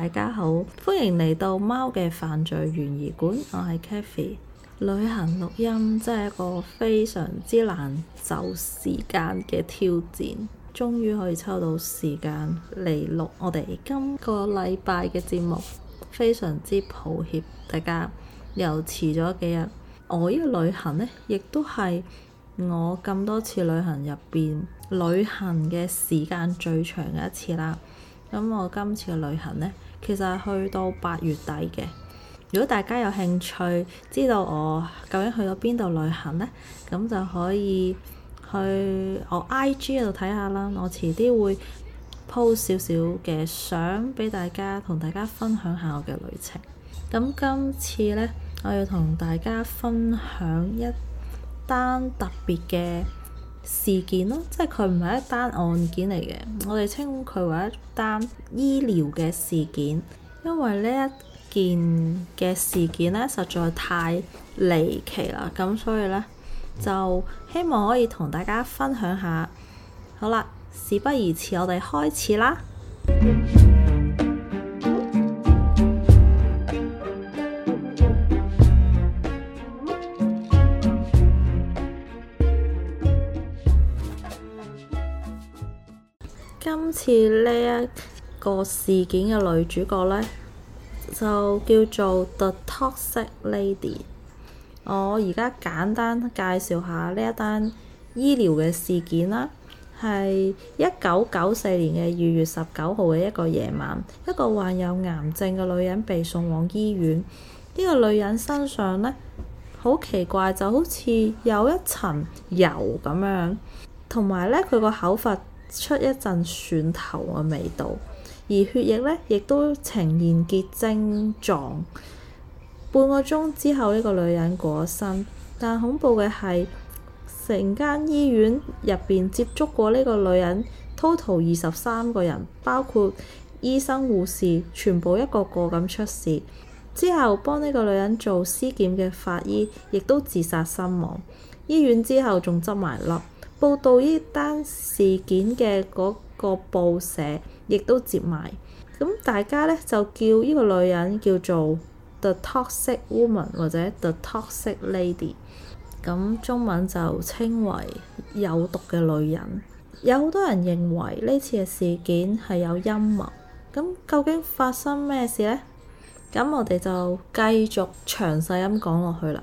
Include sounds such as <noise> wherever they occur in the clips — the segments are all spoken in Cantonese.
大家好，歡迎嚟到貓嘅犯罪懸疑館，我係 Kathy。旅行錄音真係一個非常之難就時間嘅挑戰，終於可以抽到時間嚟錄我哋今個禮拜嘅節目，非常之抱歉，大家又遲咗幾日。我呢個旅行呢，亦都係我咁多次旅行入邊旅行嘅時間最長嘅一次啦。咁我今次嘅旅行呢。其實係去到八月底嘅。如果大家有興趣知道我究竟去咗邊度旅行呢，咁就可以去我 IG 嗰度睇下啦。我遲啲會 po 少少嘅相俾大家，同大家分享下我嘅旅程。咁今次呢，我要同大家分享一單特別嘅。事件咯，即係佢唔係一單案件嚟嘅，我哋稱佢為一單醫療嘅事件。因為呢一件嘅事件呢，實在太離奇啦，咁所以呢，就希望可以同大家分享下。好啦，事不宜遲，我哋開始啦。 <music> 似呢一個事件嘅女主角呢，就叫做 The Toxic Lady。我而家簡單介紹下呢一單醫療嘅事件啦。係一九九四年嘅二月十九號嘅一個夜晚，一個患有癌症嘅女人被送往醫院。呢、這個女人身上呢，好奇怪，就好似有一層油咁樣，同埋呢，佢個口發。出一陣蒜頭嘅味道，而血液呢亦都呈現結晶狀。半個鐘之後，呢個女人過咗身，但恐怖嘅係，成間醫院入邊接觸過呢個女人 total 二十三個人，包括醫生、護士，全部一個個咁出事。之後幫呢個女人做屍檢嘅法醫亦都自殺身亡。醫院之後仲執埋笠。報道呢單事件嘅嗰個報社亦都接埋，咁大家呢就叫呢個女人叫做 the toxic woman 或者 the toxic lady，咁中文就稱為有毒嘅女人。有好多人認為呢次嘅事件係有陰謀，咁究竟發生咩事呢？咁我哋就繼續詳細咁講落去啦。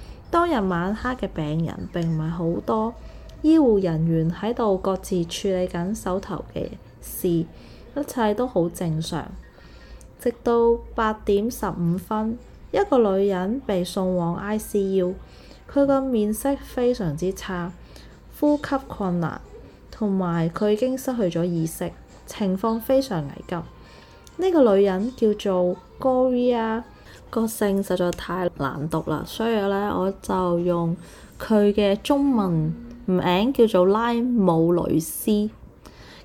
當日晚黑嘅病人並唔係好多，醫護人員喺度各自處理緊手頭嘅事，一切都好正常。直到八點十五分，一個女人被送往 ICU，佢個面色非常之差，呼吸困難，同埋佢已經失去咗意識，情況非常危急。呢、這個女人叫做 Gloria。個姓實在太難讀啦，所以咧我就用佢嘅中文名叫做拉姆雷斯，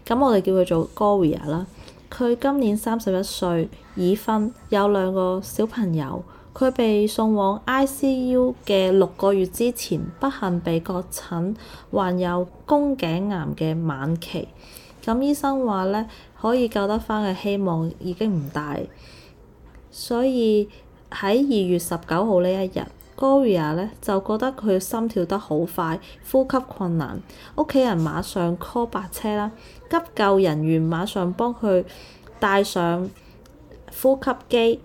咁我哋叫佢做 Gloria 啦。佢今年三十一歲，已婚，有兩個小朋友。佢被送往 ICU 嘅六個月之前，不幸被確診患有宮頸癌嘅晚期。咁醫生話咧，可以救得返嘅希望已經唔大，所以，喺二月十九號呢一日 Gloria 咧就覺得佢心跳得好快，呼吸困難。屋企人馬上 call 白車啦，急救人員馬上幫佢戴上呼吸機，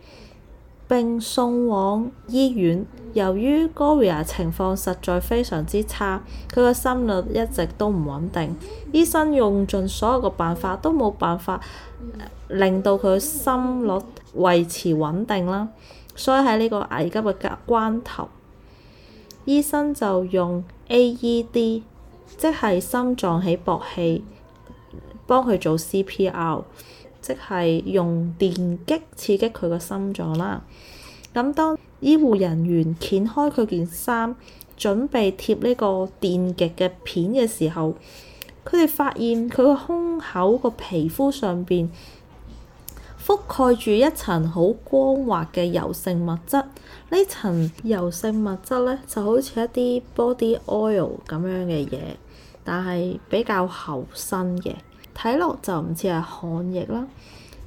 並送往醫院。由於 Gloria 情況實在非常之差，佢個心率一直都唔穩定，醫生用盡所有個辦法都冇辦法令到佢心率維持穩定啦。所以喺呢個危急嘅關頭，醫生就用 AED，即係心臟起搏器，幫佢做 CPR，即係用電擊刺激佢個心臟啦。咁當醫護人員掀開佢件衫，準備貼呢個電極嘅片嘅時候，佢哋發現佢個胸口個皮膚上邊，覆蓋住一層好光滑嘅油性物質，呢層油性物質呢就好似一啲 body oil 咁樣嘅嘢，但係比較厚身嘅，睇落就唔似係汗液啦。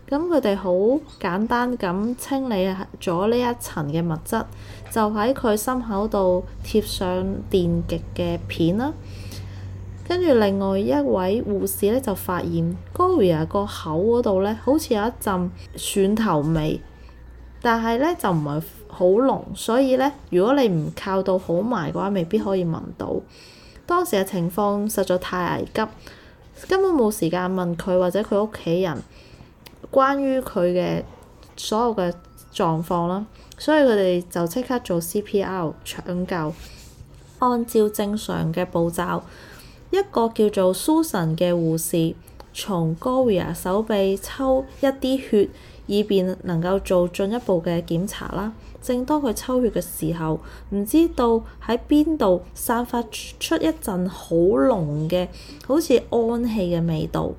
咁佢哋好簡單咁清理咗呢一層嘅物質，就喺佢心口度貼上電極嘅片啦。跟住另外一位護士咧，就發現 Gloria 個口嗰度咧，好似有一陣蒜頭味，但係咧就唔係好濃，所以咧如果你唔靠到好埋嘅話，未必可以聞到。當時嘅情況實在太危急，根本冇時間問佢或者佢屋企人關於佢嘅所有嘅狀況啦，所以佢哋就即刻做 CPR 搶救，按照正常嘅步驟。一個叫做 Susan 嘅護士，從 Gloria 手臂抽一啲血，以便能夠做進一步嘅檢查啦。正當佢抽血嘅時候，唔知道喺邊度散發出一陣好濃嘅好似氨氣嘅味道，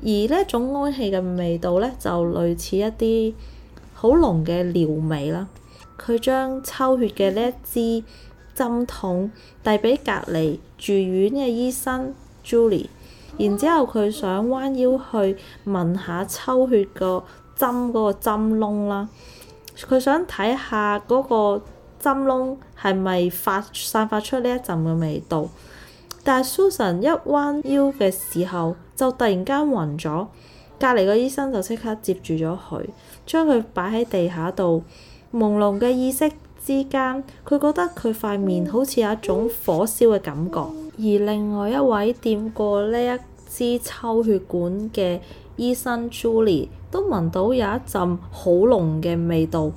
而呢種氨氣嘅味道呢，就類似一啲好濃嘅尿味啦。佢將抽血嘅呢一支針筒遞俾隔籬住院嘅醫生 Julie，然之後佢想彎腰去聞下抽血個針嗰個針窿啦，佢想睇下嗰個針窿係咪發散發出呢一陣嘅味道，但係 Susan 一彎腰嘅時候就突然間暈咗，隔離個醫生就即刻接住咗佢，將佢擺喺地下度，朦朧嘅意識。之間，佢覺得佢塊面好似有一種火燒嘅感覺。而另外一位掂過呢一支抽血管嘅醫生 Julie 都聞到有一陣好濃嘅味道。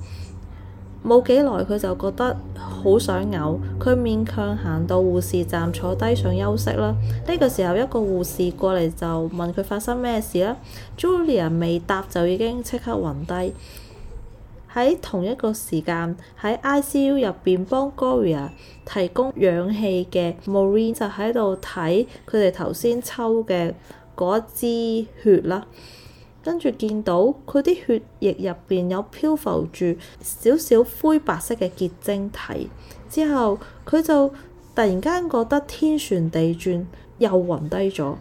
冇幾耐，佢就覺得好想嘔，佢勉強行到護士站坐低想休息啦。呢、這個時候，一個護士過嚟就問佢發生咩事啦。Julie 未答就已經即刻暈低。喺同一個時間喺 I C U 入邊幫 Gloria 提供氧氣嘅 Maureen 就喺度睇佢哋頭先抽嘅嗰支血啦，跟住見到佢啲血液入邊有漂浮住少少灰白色嘅結晶體，之後佢就突然間覺得天旋地轉，又暈低咗。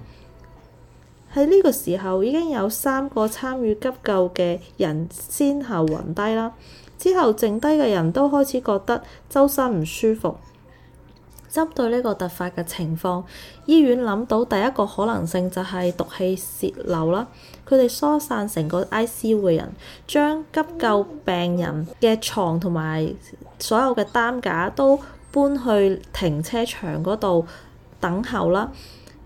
喺呢個時候已經有三個參與急救嘅人先後暈低啦，之後剩低嘅人都開始覺得周身唔舒服。針對呢個突發嘅情況，醫院諗到第一個可能性就係毒氣洩漏啦。佢哋疏散成個 ICU 嘅人，將急救病人嘅床同埋所有嘅擔架都搬去停車場嗰度等候啦。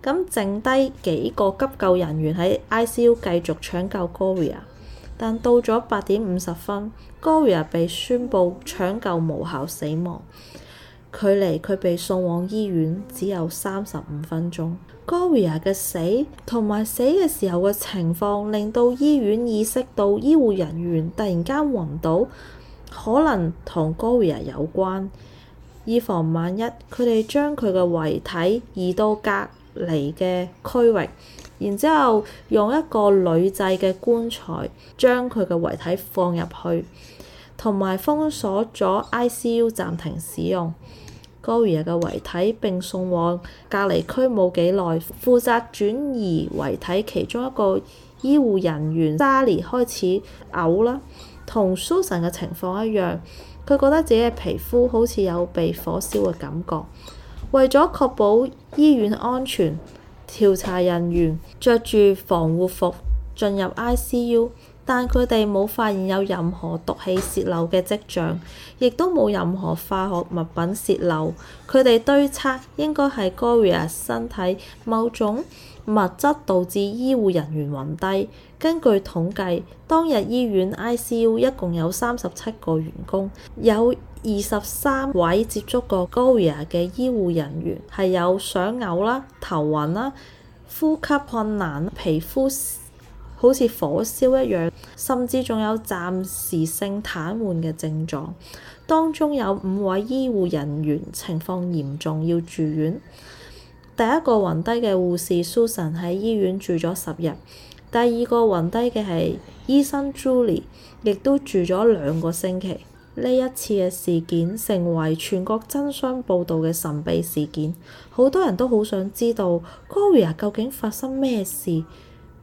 咁剩低幾個急救人員喺 ICU 繼續搶救 Gloria，但到咗八點五十分，Gloria 被宣布搶救無效死亡。距離佢被送往醫院只有三十五分鐘。Gloria 嘅死同埋死嘅時候嘅情況，令到醫院意識到醫護人員突然間暈倒，可能同 Gloria 有關。以防萬一，佢哋將佢嘅遺體移到隔嚟嘅區域，然之後用一個女製嘅棺材將佢嘅遺體放入去，同埋封鎖咗 ICU 暫停使用。高爾嘅遺體並送往隔離區冇幾耐，負責轉移遺體其中一個醫護人員莎莉開始嘔啦，同蘇珊嘅情況一樣，佢覺得自己嘅皮膚好似有被火燒嘅感覺。為咗確保醫院安全，調查人員着住防護服進入 ICU，但佢哋冇發現有任何毒氣洩漏嘅跡象，亦都冇任何化學物品洩漏。佢哋推測應該係 Gloria 身體某種物質導致醫護人員暈低。根據統計，當日醫院 I C U 一共有三十七個員工，有二十三位接觸過高瑞亞嘅醫護人員係有想嘔啦、頭暈啦、呼吸困難、皮膚好似火燒一樣，甚至仲有暫時性癱瘓嘅症狀。當中有五位醫護人員情況嚴重，要住院。第一個暈低嘅護士 Susan 喺醫院住咗十日，第二個暈低嘅係醫生 Julie，亦都住咗兩個星期。呢一次嘅事件成為全國爭相報道嘅神秘事件，好多人都好想知道 Gloria 究竟發生咩事。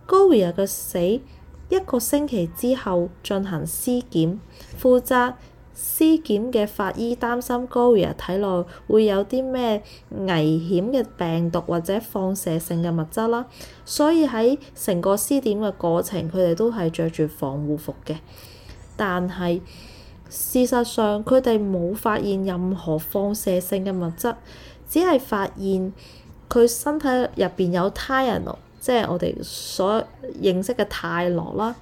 Gloria 嘅死一個星期之後進行屍檢，負責。屍檢嘅法醫擔心高爾體內會有啲咩危險嘅病毒或者放射性嘅物質啦，所以喺成個屍檢嘅過程，佢哋都係着住防護服嘅。但係事實上，佢哋冇發現任何放射性嘅物質，只係發現佢身體入邊有泰諾，即係我哋所認識嘅泰羅啦，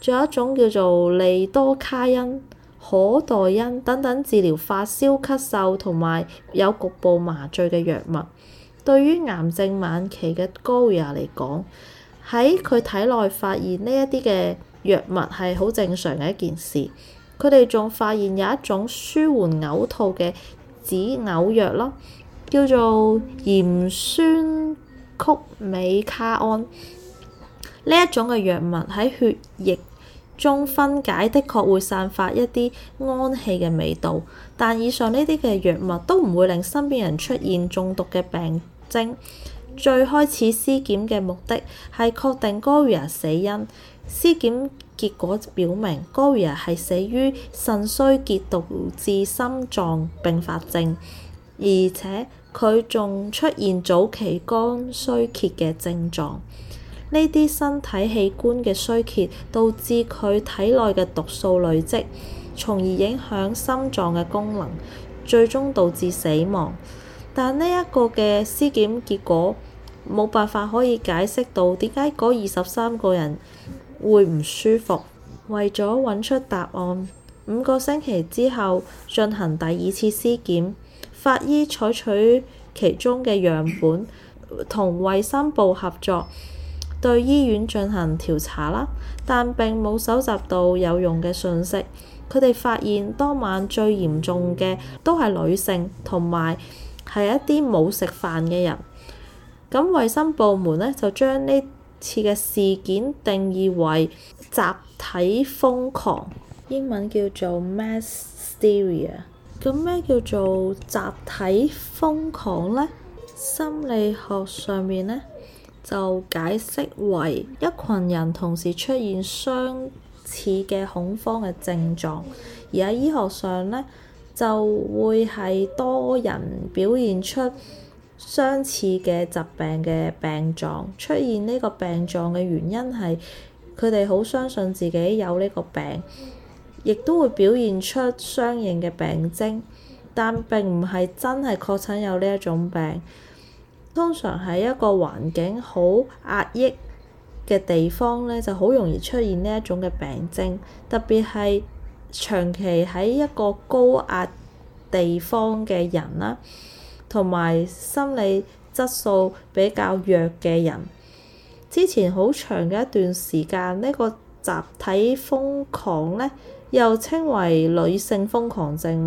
仲有一種叫做利多卡因、可待因等等治療發燒、咳嗽同埋有局部麻醉嘅藥物，對於癌症晚期嘅 Gloria 嚟講，喺佢體內發現呢一啲嘅藥物係好正常嘅一件事。佢哋仲發現有一種舒緩嘔吐嘅止嘔藥咯，叫做鹽酸曲美卡胺，呢一種嘅藥物喺血液中分解的確會散發一啲氨氣嘅味道，但以上呢啲嘅藥物都唔會令身邊人出現中毒嘅病徵。最開始屍檢嘅目的係確定 Gloria 死因。屍檢結果表明，Gloria 係死於腎衰竭導致心臟併發症，而且佢仲出現早期肝衰竭嘅症狀。呢啲身體器官嘅衰竭，導致佢體內嘅毒素累積，從而影響心臟嘅功能，最終導致死亡。但呢一個嘅屍檢結果冇辦法可以解釋到點解嗰二十三個人會唔舒服。為咗揾出答案，五個星期之後進行第二次屍檢，法醫採取其中嘅樣本，同衞生部合作。對醫院進行調查啦，但並冇搜集到有用嘅信息。佢哋發現當晚最嚴重嘅都係女性，同埋係一啲冇食飯嘅人。咁衛生部門呢，就將呢次嘅事件定義為集體瘋狂，英文叫做 mass hysteria。咁咩叫做集體瘋狂呢？心理學上面呢。就解釋為一群人同時出現相似嘅恐慌嘅症狀，而喺醫學上呢，就會係多人表現出相似嘅疾病嘅病狀。出現呢個病狀嘅原因係佢哋好相信自己有呢個病，亦都會表現出相應嘅病徵，但並唔係真係確診有呢一種病。通常喺一個環境好壓抑嘅地方呢，就好容易出現呢一種嘅病徵。特別係長期喺一個高壓地方嘅人啦，同埋心理質素比較弱嘅人。之前好長嘅一段時間，呢、這個集體瘋狂呢，又稱為女性瘋狂症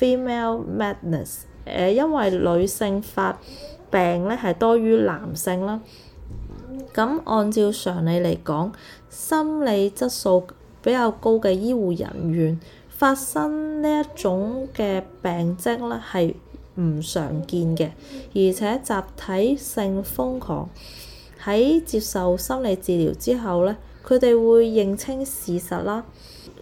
female madness）。 <noise> madness，因為女性發病咧係多於男性啦。咁按照常理嚟講，心理質素比較高嘅醫護人員發生呢一種嘅病徵咧係唔常見嘅，而且集體性瘋狂喺接受心理治療之後咧，佢哋會認清事實啦。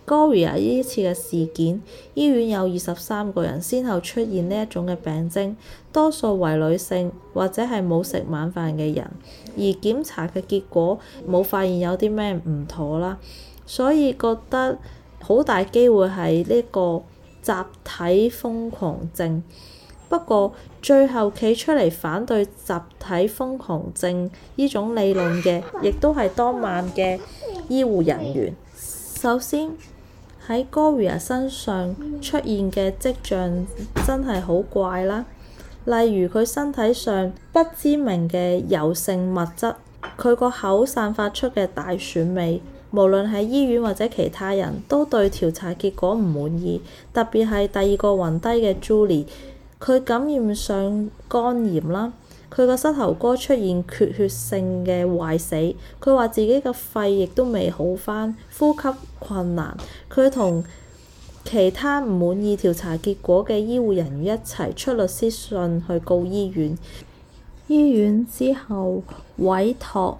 Gloria 呢次嘅事件，醫院有二十三個人先後出現呢一種嘅病徵，多數為女性或者係冇食晚飯嘅人，而檢查嘅結果冇發現有啲咩唔妥啦，所以覺得好大機會係呢個集體瘋狂症。不過最後企出嚟反對集體瘋狂症呢種理論嘅，亦都係當晚嘅醫護人員。首先喺 Gloria 身上出現嘅跡象真係好怪啦，例如佢身體上不知名嘅油性物質，佢個口散發出嘅大蒜味。無論係醫院或者其他人都對調查結果唔滿意，特別係第二個暈低嘅 Julie，佢感染上肝炎啦，佢個膝頭哥出現缺血性嘅壞死，佢話自己嘅肺亦都未好返，呼吸困難，佢同其他唔滿意調查結果嘅醫護人員一齊出律師信去告醫院。醫院之後委託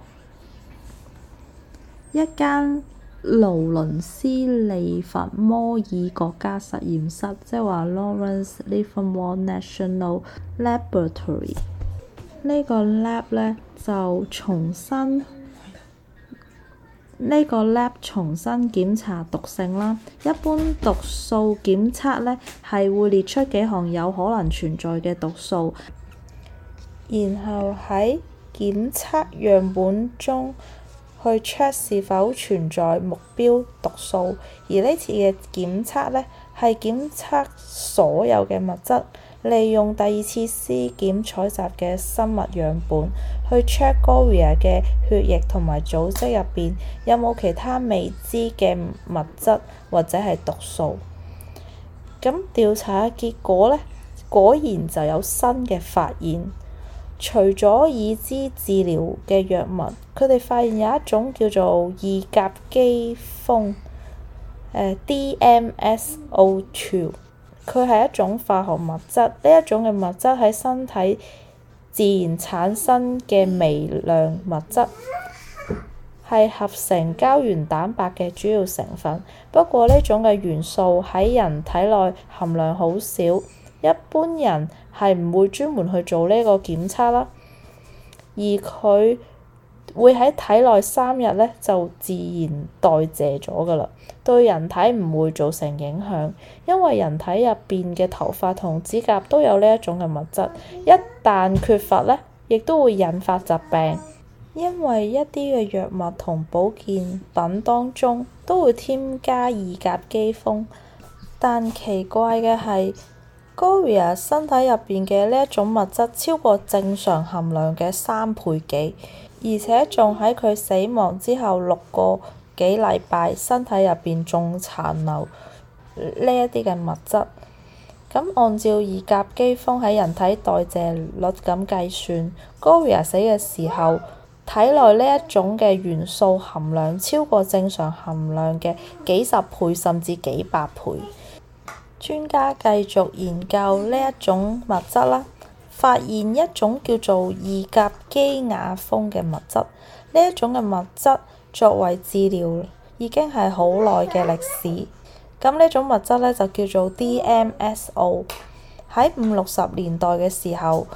一間勞倫斯利佛摩爾國家實驗室，即係話 Lawrence Livermore National Laboratory 呢個 lab 咧就重新。呢個 lab 重新檢查毒性啦。一般毒素檢測咧係會列出幾項有可能存在嘅毒素，然後喺檢測樣本中去 check 是否存在目標毒素。而呢次嘅檢測咧係檢測所有嘅物質。利用第二次屍檢採集嘅生物樣本，去 check Gloria 嘅血液同埋組織入邊有冇其他未知嘅物質或者係毒素。咁調查嘅結果呢，果然就有新嘅發現。除咗已知治療嘅藥物，佢哋發現有一種叫做二甲基碸誒 DMSO two。佢係一種化學物質，呢一種嘅物質喺身體自然產生嘅微量物質，係合成膠原蛋白嘅主要成分。不過呢種嘅元素喺人體內含量好少，一般人係唔會專門去做呢個檢測啦。而佢會喺體內三日呢，就自然代謝咗噶啦。對人體唔會造成影響，因為人體入邊嘅頭髮同指甲都有呢一種嘅物質。一旦缺乏呢，亦都會引發疾病。因為一啲嘅藥物同保健品當中都會添加二甲基碸，但奇怪嘅係，Gloria 身體入邊嘅呢一種物質超過正常含量嘅三倍幾。而且仲喺佢死亡之後六個幾禮拜，身體入邊仲殘留呢一啲嘅物質。咁按照二甲基碸喺人體代謝率咁計算，Gloria 死嘅時候，體內呢一種嘅元素含量超過正常含量嘅幾十倍甚至幾百倍。專家繼續研究呢一種物質啦。發現一種叫做二甲基亞碸嘅物質，呢一種嘅物質作為治療已經係好耐嘅歷史。咁呢種物質咧就叫做 DMSO。喺五六十年代嘅時候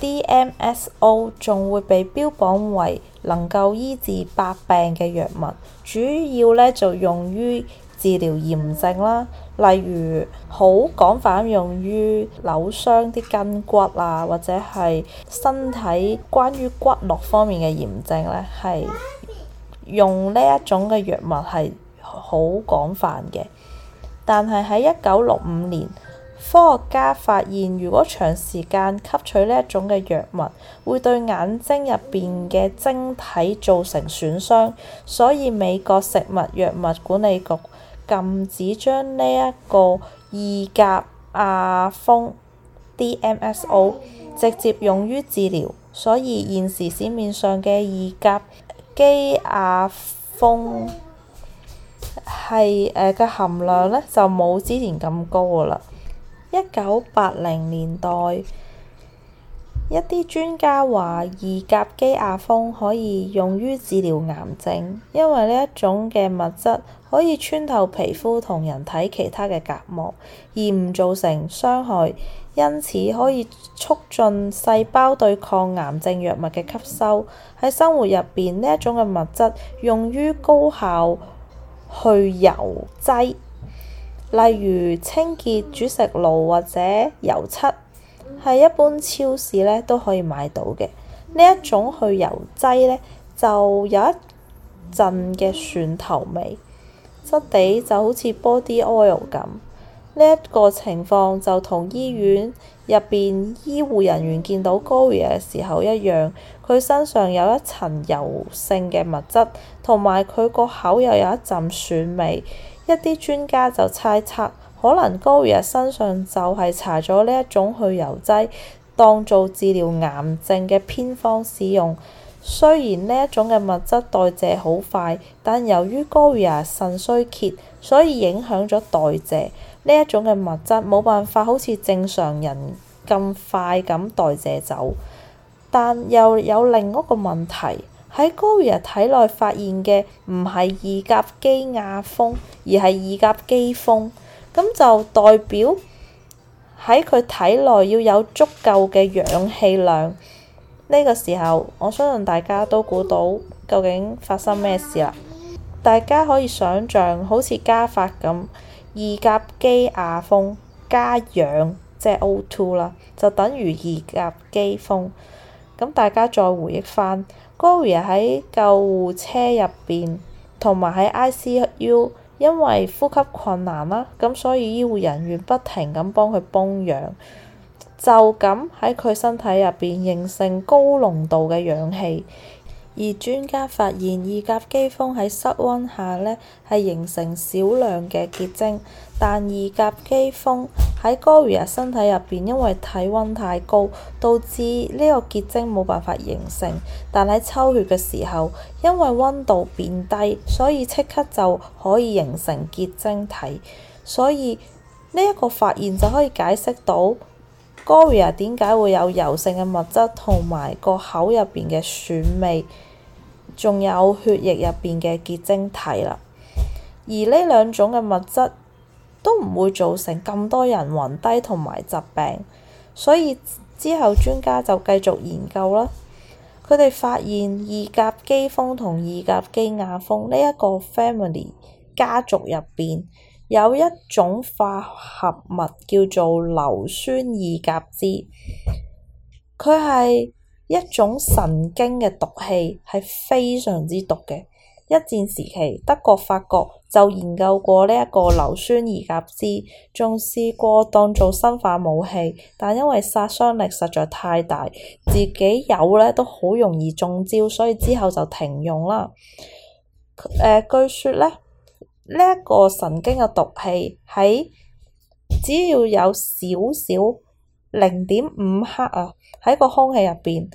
，DMSO 仲會被標榜為能夠醫治百病嘅藥物，主要咧就用於治療炎症啦。例如好廣泛用於扭傷啲筋骨啊，或者係身體關於骨骼方面嘅炎症呢，係用呢一種嘅藥物係好廣泛嘅。但係喺一九六五年，科學家發現如果長時間吸取呢一種嘅藥物，會對眼睛入邊嘅晶體造成損傷，所以美國食物藥物管理局，禁止將呢一個二甲亞碸 DMSO 直接用於治療，所以現時市面上嘅二甲基亞碸係誒嘅含量呢，就冇之前咁高噶啦。一九八零年代，一啲專家話二甲基亞碸可以用於治療癌症，因為呢一種嘅物質，可以穿透皮膚同人體其他嘅隔膜，而唔造成傷害，因此可以促進細胞對抗癌症藥物嘅吸收。喺生活入邊，呢一種嘅物質用於高效去油劑，例如清潔煮食爐或者油漆，係一般超市咧都可以買到嘅。呢一種去油劑咧就有一陣嘅蒜頭味。質地就好似 body oil 咁，呢、這、一個情況就同醫院入邊醫護人員見到高瑞嘅時候一樣，佢身上有一層油性嘅物質，同埋佢個口又有一陣蒜味。一啲專家就猜測，可能高瑞身上就係搽咗呢一種去油劑，當做治療癌症嘅偏方使用。雖然呢一種嘅物質代謝好快，但由於高瑞亞腎衰竭，所以影響咗代謝，呢一種嘅物質冇辦法好似正常人咁快咁代謝走。但又有另一個問題，喺高瑞亞體內發現嘅唔係二甲基亞碸，而係二甲基碸，咁就代表喺佢體內要有足夠嘅氧氣量。呢個時候，我相信大家都估到究竟發生咩事啦。大家可以想像好像好似加法咁，二甲基亞碸加氧即係 O2 啦，就等於二甲基碸。咁大家再回憶翻，Gloria 喺救護車入邊同埋喺 ICU，因為呼吸困難啦，咁所以醫護人員不停咁幫佢泵氧。就咁喺佢身體入邊形成高濃度嘅氧氣，而專家發現二甲基碸喺室溫下呢，係形成少量嘅結晶，但二甲基碸喺高瑞啊身體入邊因為體温太高，導致呢個結晶冇辦法形成，但喺抽血嘅時候因為温度變低，所以即刻就可以形成結晶體，所以呢一個發現就可以解釋到。Gloria 點解會有油性嘅物質同埋個口入邊嘅蒜味，仲有血液入邊嘅結晶體啦。而呢兩種嘅物質都唔會造成咁多人暈低同埋疾病，所以之後專家就繼續研究啦。佢哋發現二甲基碸同二甲基亞碸呢一個 family 家族入邊，有一種化合物叫做硫酸二甲酯，佢係一種神經嘅毒氣，係非常之毒嘅。一戰時期，德國、法國就研究過呢一個硫酸二甲酯，仲試過當做生化武器，但因為殺傷力實在太大，自己有呢都好容易中招，所以之後就停用啦。誒、呃，據說呢。呢一個神經嘅毒氣喺只要有少少零點五克啊，喺個空氣入邊，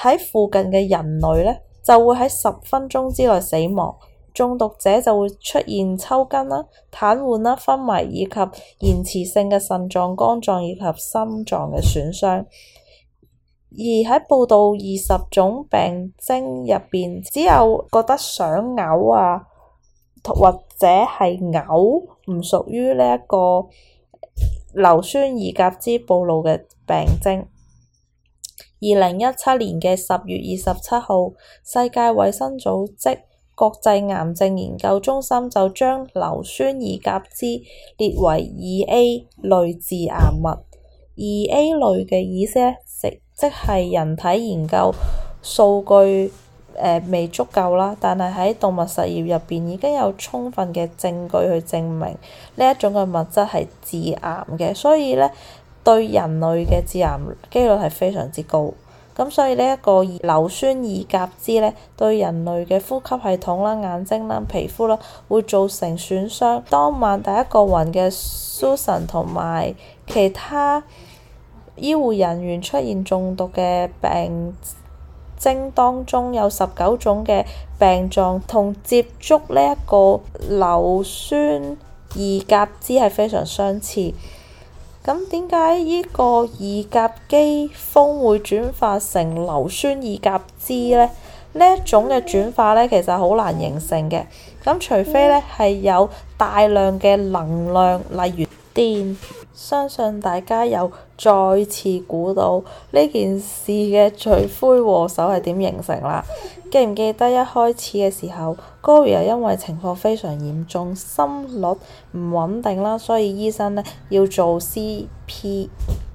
喺附近嘅人類呢，就會喺十分鐘之內死亡。中毒者就會出現抽筋啦、癱瘓啦、昏迷以及延遲性嘅腎臟、肝臟以及心臟嘅損傷。而喺報道二十種病徵入邊，只有覺得想嘔啊。或者係嘔，唔屬於呢一個硫酸二甲酯暴露嘅病徵。二零一七年嘅十月二十七號，世界衛生組織國際癌症研究中心就將硫酸二甲酯列為二 A 類致癌物。二 A 類嘅意思食，即係人體研究數據。呃、未足夠啦，但係喺動物實驗入邊已經有充分嘅證據去證明呢一種嘅物質係致癌嘅，所以呢，對人類嘅致癌機率係非常之高。咁所以呢一個硫酸二甲酯呢，對人類嘅呼吸系統啦、眼睛啦、皮膚啦，會造成損傷。當晚第一個暈嘅 Susan 同埋其他醫護人員出現中毒嘅病。症當中有十九種嘅病狀，同接觸呢一個硫酸二甲酯係非常相似。咁點解呢個二甲基碸會轉化成硫酸二甲酯呢？呢一種嘅轉化呢，其實好難形成嘅。咁除非呢係有大量嘅能量，例如電，相信大家有再次估到呢件事嘅罪魁禍首係點形成啦？記唔記得一開始嘅時候，高瑞又因為情況非常嚴重，心率唔穩定啦，所以醫生呢要做 CPR，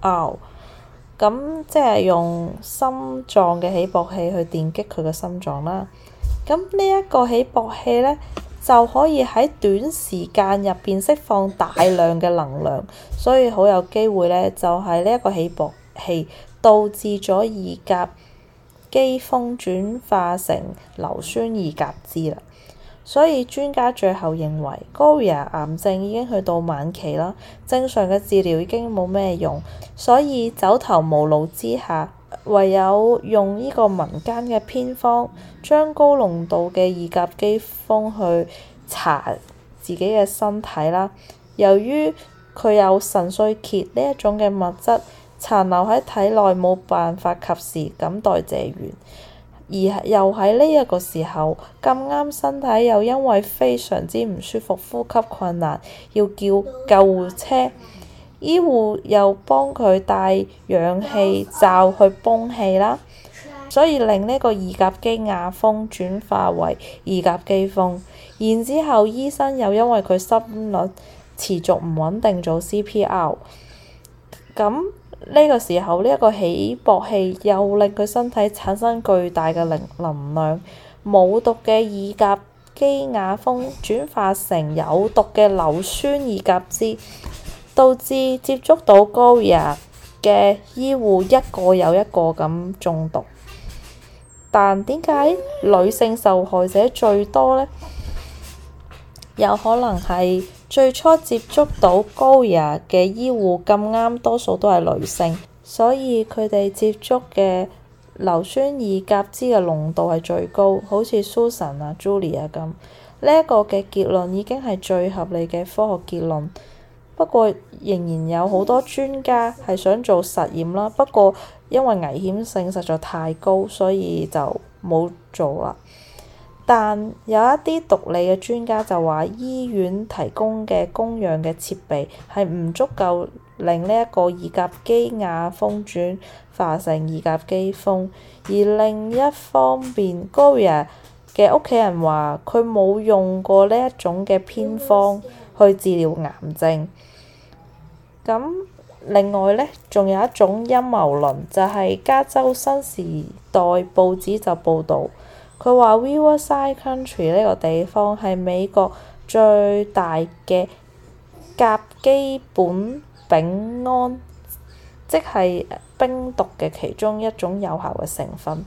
咁即係用心臟嘅起搏器去電擊佢嘅心臟啦。咁呢一個起搏器呢，就可以喺短時間入邊釋放大量嘅能量，所以好有機會咧，就係呢一個起搏器導致咗二甲基碸轉化成硫酸二甲酯啦。所以專家最後認為，高野癌症已經去到晚期啦，正常嘅治療已經冇咩用，所以走投無路之下，唯有用呢個民間嘅偏方，將高濃度嘅二甲基碸去搽自己嘅身體啦。由於佢有腎衰竭，呢一種嘅物質殘留喺體內，冇辦法及時咁代謝完，而又喺呢一個時候咁啱身體又因為非常之唔舒服，呼吸困難，要叫救護車。醫護又幫佢戴氧氣罩去泵氣啦，所以令呢個二甲基亞碸轉化為二甲基碸，然之後醫生又因為佢心率持續唔穩定做 C P R。咁呢個時候，呢一個起搏器又令佢身體產生巨大嘅能量，冇毒嘅二甲基亞碸轉化成有毒嘅硫酸二甲酯。導致接觸到高雅嘅醫護一個又一個咁中毒，但點解女性受害者最多呢？有可能係最初接觸到高雅嘅醫護咁啱，多數都係女性，所以佢哋接觸嘅硫酸二甲酯嘅濃度係最高，好似 Susan 啊、Julia 咁。呢一個嘅結論已經係最合理嘅科學結論。不過仍然有好多專家係想做實驗啦，不過因為危險性實在太高，所以就冇做啦。但有一啲獨立嘅專家就話，醫院提供嘅供氧嘅設備係唔足夠令呢一個二甲基亞碸轉化成二甲基碸。而另一方面，Gloria 嘅屋企人話，佢冇用過呢一種嘅偏方去治療癌症。咁另外咧，仲有一種陰謀論，就係、是、加州新時代報紙就報導，佢話 Riverside County 呢個地方係美國最大嘅甲基苯丙胺，即係冰毒嘅其中一種有效嘅成分，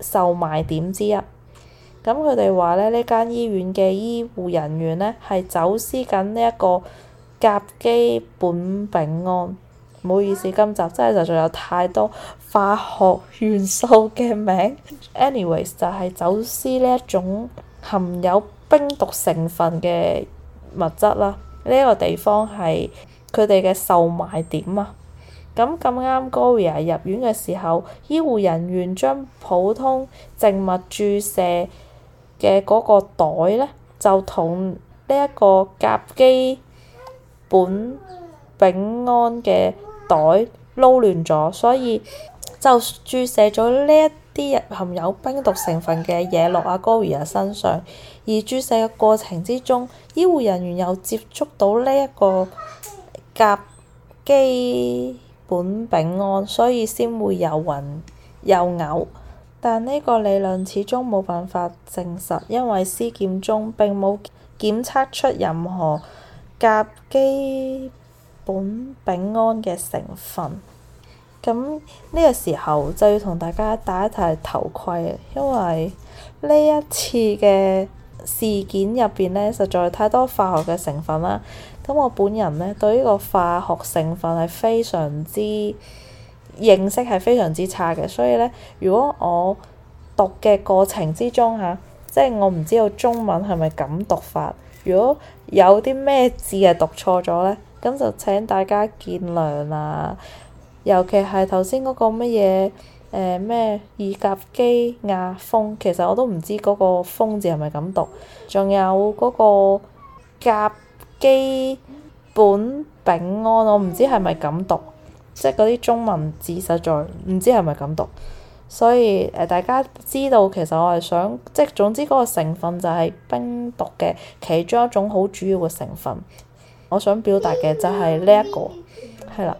售賣點之一。咁佢哋話咧，呢間醫院嘅醫護人員咧，係走私緊呢一個。甲基苯丙胺，唔好意思，今集真係就仲有太多化學元素嘅名。Anyways 就係走私呢一種含有冰毒成分嘅物質啦。呢一個地方係佢哋嘅售賣點啊。咁咁啱，Gloria 入院嘅時候，醫護人員將普通靜脈注射嘅嗰個袋呢，就同呢一個甲基。苯丙胺嘅袋撈亂咗，所以就注射咗呢一啲含有冰毒成分嘅嘢落阿高爾身上。而注射嘅過程之中，醫護人員又接觸到呢一個甲基苯丙胺，所以先會又暈又嘔。但呢個理論始終冇辦法證實，因為屍檢中並冇檢測出任何。甲基苯丙胺嘅成分，咁呢個時候就要同大家戴一戴頭盔，因為呢一次嘅事件入邊呢，實在太多化學嘅成分啦。咁我本人呢，對呢個化學成分係非常之認識，係非常之差嘅，所以呢，如果我讀嘅過程之中吓、啊，即係我唔知道中文係咪咁讀法，如果。有啲咩字係讀錯咗咧？咁就請大家見諒啦。尤其係頭先嗰個乜嘢誒咩二甲基亞碸，其實我都唔知嗰個碸字係咪咁讀。仲有嗰個甲基苯丙胺，我唔知係咪咁讀，即係嗰啲中文字，實在唔知係咪咁讀。所以誒，大家知道其實我係想，即係總之嗰個成分就係冰毒嘅其中一種好主要嘅成分。我想表達嘅就係呢一個，係啦。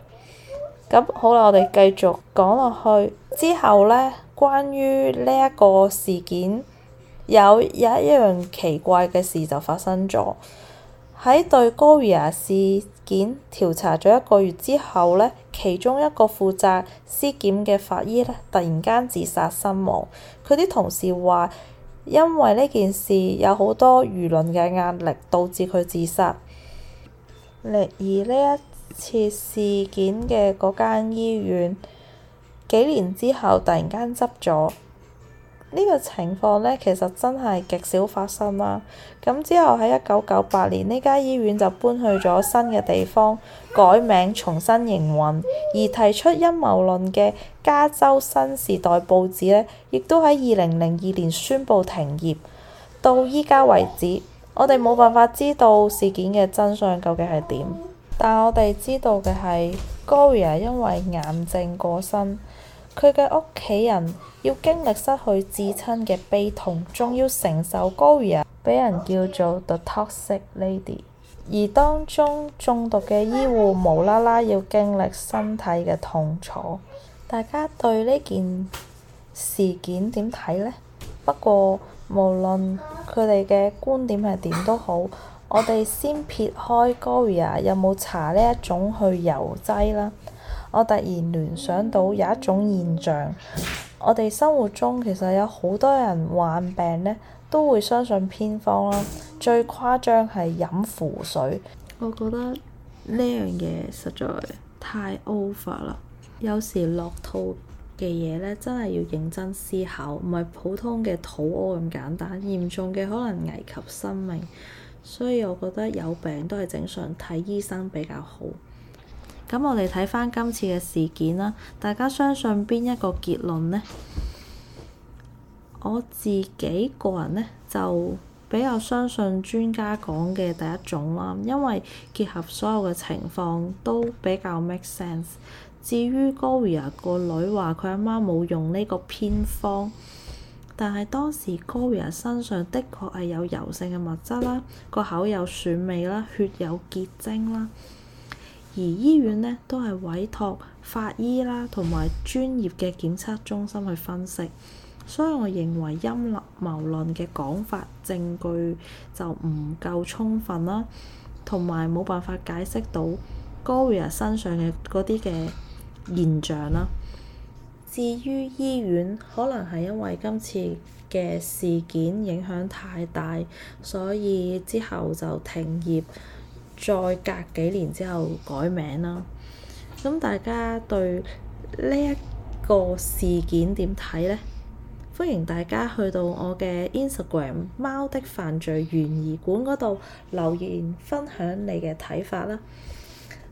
咁好啦，我哋繼續講落去之後咧，關於呢一個事件，有有一樣奇怪嘅事就發生咗。喺對高爾亞事件調查咗一個月之後咧。其中一個負責屍檢嘅法醫咧，突然間自殺身亡。佢啲同事話，因為呢件事有好多輿論嘅壓力，導致佢自殺。而而呢一次事件嘅嗰間醫院，幾年之後突然間執咗。呢個情況呢，其實真係極少發生啦、啊。咁之後喺一九九八年，呢間醫院就搬去咗新嘅地方，改名重新營運。而提出陰謀論嘅加州新時代報紙呢，亦都喺二零零二年宣布停業。到依家為止，我哋冇辦法知道事件嘅真相究竟係點。但我哋知道嘅係，Gloria 因為癌症過身。佢嘅屋企人要經歷失去至親嘅悲痛，仲要承受 Gloria 俾人叫做 The Toxic lady。而當中中毒嘅醫護無啦啦要經歷身體嘅痛楚，大家對呢件事件點睇呢？不過無論佢哋嘅觀點係點都好， <laughs> 我哋先撇開 Gloria，有冇搽呢一種去油劑啦？我突然聯想到有一種現象，我哋生活中其實有好多人患病咧，都會相信偏方啦。最誇張係飲符水。我覺得呢樣嘢實在太 over 啦！有時落肚嘅嘢咧，真係要認真思考，唔係普通嘅肚屙咁簡單，嚴重嘅可能危及生命。所以，我覺得有病都係正常睇醫生比較好。咁我哋睇翻今次嘅事件啦，大家相信邊一個結論呢？我自己個人呢，就比較相信專家講嘅第一種啦，因為結合所有嘅情況都比較 make sense。至於 Gloria 個女話佢阿媽冇用呢個偏方，但係當時 Gloria 身上的確係有油性嘅物質啦，個口有蒜味啦，血有結晶啦。而醫院呢都係委託法醫啦，同埋專業嘅檢測中心去分析，所以我認為陰謀論嘅講法證據就唔夠充分啦，同埋冇辦法解釋到 Gloria 身上嘅嗰啲嘅現象啦。至於醫院，可能係因為今次嘅事件影響太大，所以之後就停業。再隔幾年之後改名啦，咁大家對呢一個事件點睇呢？歡迎大家去到我嘅 Instagram《 <noise> 貓的犯罪懸疑館》嗰度留言 <noise> 分享你嘅睇法啦。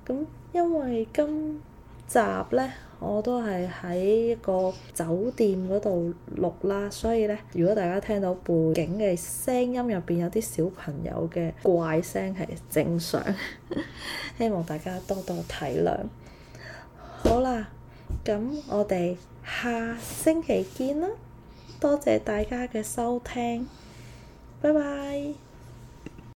咁因為今集呢，我都係喺一個酒店嗰度錄啦，所以呢，如果大家聽到背景嘅聲音入邊有啲小朋友嘅怪聲，係正常， <laughs> 希望大家多多體諒。好啦，咁我哋下星期見啦，多謝大家嘅收聽，拜拜。